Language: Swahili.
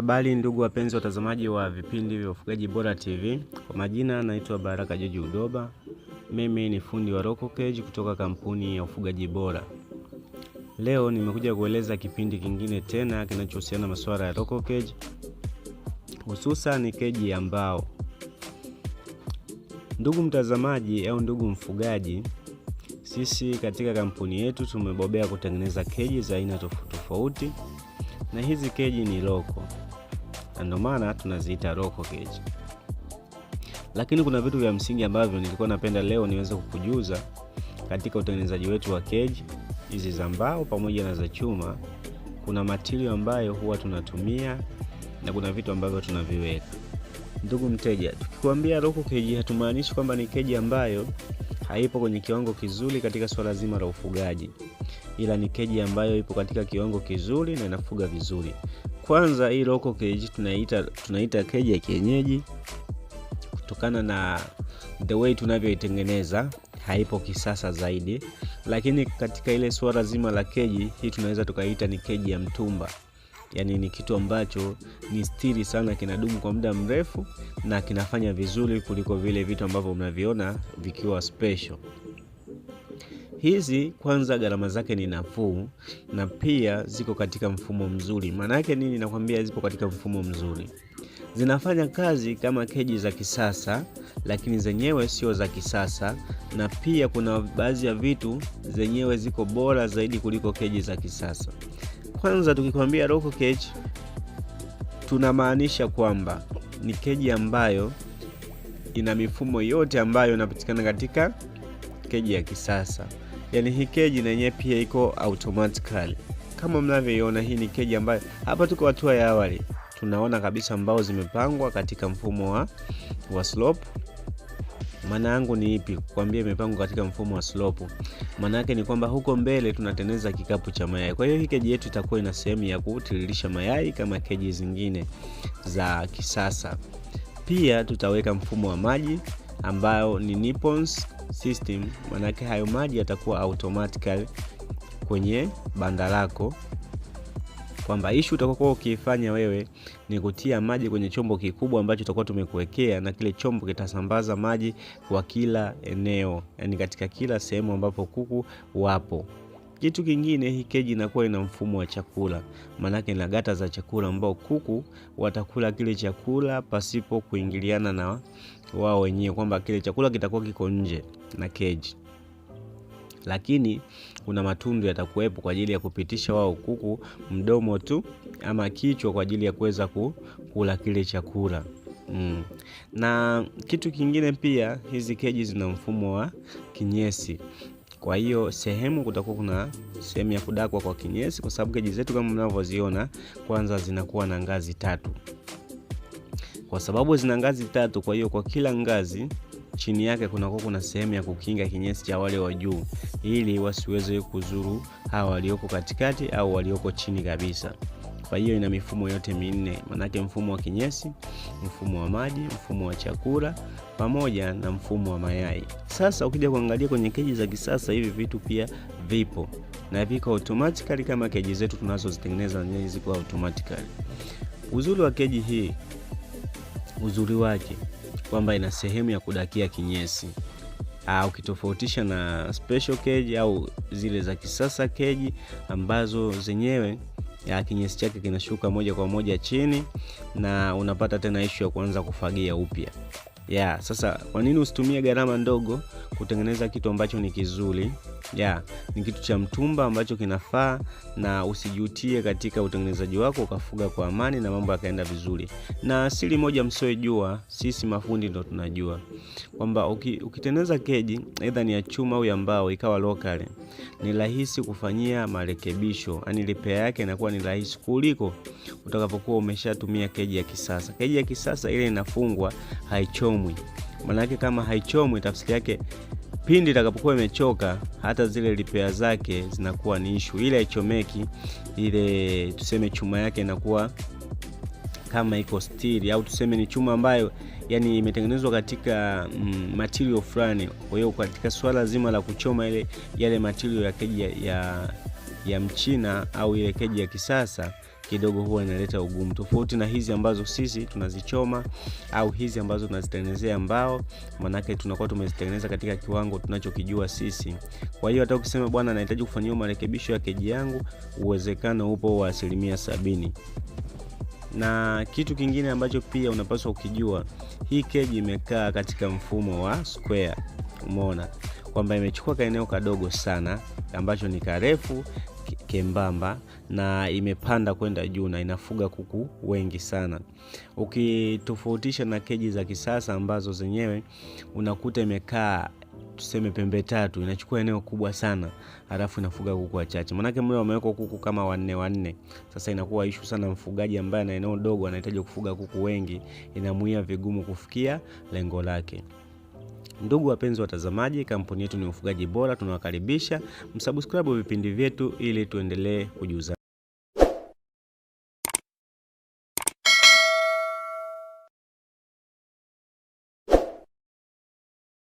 Habari ndugu wapenzi watazamaji wa vipindi vya ufugaji bora TV, kwa majina naitwa Baraka Joji Udoba. Mimi ni fundi wa Roco Cage kutoka kampuni ya ufugaji bora. Leo nimekuja kueleza kipindi kingine tena kinachohusiana na masuala ya Roco Cage, hususan keji ya mbao. Ndugu mtazamaji au ndugu mfugaji, sisi katika kampuni yetu tumebobea kutengeneza keji za aina tofauti tofauti, na hizi keji ni Roco na ndio maana tunaziita roko gauge. Lakini kuna vitu vya msingi ambavyo nilikuwa napenda leo niweze kukujuza katika utengenezaji wetu wa cage hizi za mbao pamoja na za chuma. Kuna matirio ambayo huwa tunatumia na kuna vitu ambavyo tunaviweka. Ndugu mteja, tukikwambia roko cage hatumaanishi kwamba ni keji ambayo haipo kwenye kiwango kizuri katika swala zima la ufugaji, ila ni keji ambayo ipo katika kiwango kizuri na inafuga vizuri kwanza hii local cage tunaita, tunaita keji ya kienyeji kutokana na the way tunavyoitengeneza haipo kisasa zaidi, lakini katika ile suala zima la keji hii tunaweza tukaita ni keji ya mtumba. Yani ni kitu ambacho ni stili sana, kinadumu kwa muda mrefu na kinafanya vizuri kuliko vile vitu ambavyo mnaviona vikiwa special hizi kwanza gharama zake ni nafuu na pia ziko katika mfumo mzuri. Maana yake nini? Nakwambia zipo katika mfumo mzuri, zinafanya kazi kama keji za kisasa, lakini zenyewe sio za kisasa, na pia kuna baadhi ya vitu zenyewe ziko bora zaidi kuliko keji za kisasa. Kwanza tukikwambia roko keji, tunamaanisha kwamba ni keji ambayo ina mifumo yote ambayo inapatikana katika keji ya kisasa yani hii keji na yenyewe pia iko automatically kama mnavyoiona. Hii ni keji ambayo hapa tuko hatua ya awali, tunaona kabisa mbao zimepangwa katika mfumo wa, wa slope. Maana yangu ni ipi kuambia imepangwa katika mfumo wa slope? Maana yake ni kwamba huko mbele tunatengeneza kikapu cha mayai. Kwa hiyo hii keji yetu itakuwa ina sehemu ya kutiririsha mayai kama keji zingine za kisasa. Pia tutaweka mfumo wa maji ambayo ni nippons system, manake hayo maji yatakuwa automatically kwenye banda lako, kwamba ishu utakokuwa ukiifanya wewe ni kutia maji kwenye chombo kikubwa ambacho tutakuwa tumekuwekea, na kile chombo kitasambaza maji kwa kila eneo, yani katika kila sehemu ambapo kuku wapo. Kitu kingine, hii keji inakuwa ina mfumo wa chakula, maanake ina gata za chakula ambao kuku watakula kile chakula pasipo kuingiliana na wao wenyewe, kwamba kile chakula kitakuwa kiko nje na keji lakini kuna matundu yatakuwepo kwa ajili ya kupitisha wao kuku mdomo tu ama kichwa kwa ajili ya kuweza kula kile chakula mm. Na kitu kingine pia, hizi keji zina mfumo wa kinyesi kwa hiyo sehemu kutakuwa kuna sehemu ya kudakwa kwa kinyesi, kwa sababu keji zetu kama mnavyoziona, kwanza zinakuwa na ngazi tatu. Kwa sababu zina ngazi tatu, kwa hiyo kwa kila ngazi chini yake kunakuwa kuna sehemu ya kukinga kinyesi cha wale wa juu, ili wasiweze kuzuru hawa walioko katikati au walioko chini kabisa. Kwa hiyo ina mifumo yote minne, manake mfumo wa kinyesi, mfumo wa maji, mfumo wa chakula pamoja na mfumo wa mayai. Sasa ukija kuangalia kwenye keji za kisasa, hivi vitu pia vipo na viko automatically kama keji zetu tunazozitengeneza zenyewe ziko automatically. Uzuri wa keji hii, uzuri wake kwamba ina sehemu ya kudakia kinyesi ah, ukitofautisha na special cage au zile za kisasa keji ambazo zenyewe ya kinyesi chake kinashuka moja kwa moja chini, na unapata tena ishu ya kuanza kufagia upya yeah. Sasa kwa nini usitumie gharama ndogo kutengeneza kitu ambacho ni kizuri? Yeah, ni kitu cha mtumba ambacho kinafaa, na usijutie katika utengenezaji wako, ukafuga kwa amani na mambo yakaenda vizuri. Na siri moja msiojua, sisi mafundi ndo tunajua kwamba ukitengeneza keji aidha ni ya chuma au ya mbao, ikawa lokale, ni rahisi kufanyia marekebisho, ani lipea yake inakuwa ni rahisi kuliko utakapokuwa umeshatumia keji ya kisasa. Keji ya kisasa ile inafungwa haichomi haichomwi. Maanake kama haichomwi, tafsiri yake pindi itakapokuwa imechoka, hata zile lipea zake zinakuwa ni ishu. Ile haichomeki, ile tuseme chuma yake inakuwa kama iko stili au tuseme ni chuma ambayo yani imetengenezwa katika mm, material fulani. Kwa hiyo katika swala zima la kuchoma ile yale material ya keji ya, ya, ya mchina au ile keji ya kisasa kidogo huwa inaleta ugumu, tofauti na hizi ambazo sisi tunazichoma au hizi ambazo tunazitengenezea mbao, manake tunakuwa tumezitengeneza katika kiwango tunachokijua sisi. Kwa hiyo hata ukisema bwana, nahitaji kufanyiwa marekebisho ya keji yangu, uwezekano upo wa asilimia sabini. Na kitu kingine ambacho pia unapaswa ukijua, hii keji imekaa katika mfumo wa square. Umeona kwamba imechukua kaeneo kadogo sana ambacho ni karefu kembamba na imepanda kwenda juu na inafuga kuku wengi sana, ukitofautisha na keji za kisasa ambazo zenyewe unakuta imekaa tuseme pembe tatu, inachukua eneo kubwa sana, alafu inafuga kuku wachache. manake mle wamewekwa kuku kama wanne wanne. Sasa inakuwa ishu sana, mfugaji ambaye ana eneo dogo anahitaji kufuga kuku wengi, inamuia vigumu kufikia lengo lake. Ndugu wapenzi watazamaji, kampuni yetu ni Ufugaji Bora, tunawakaribisha msubscribe vipindi vyetu ili tuendelee kujuza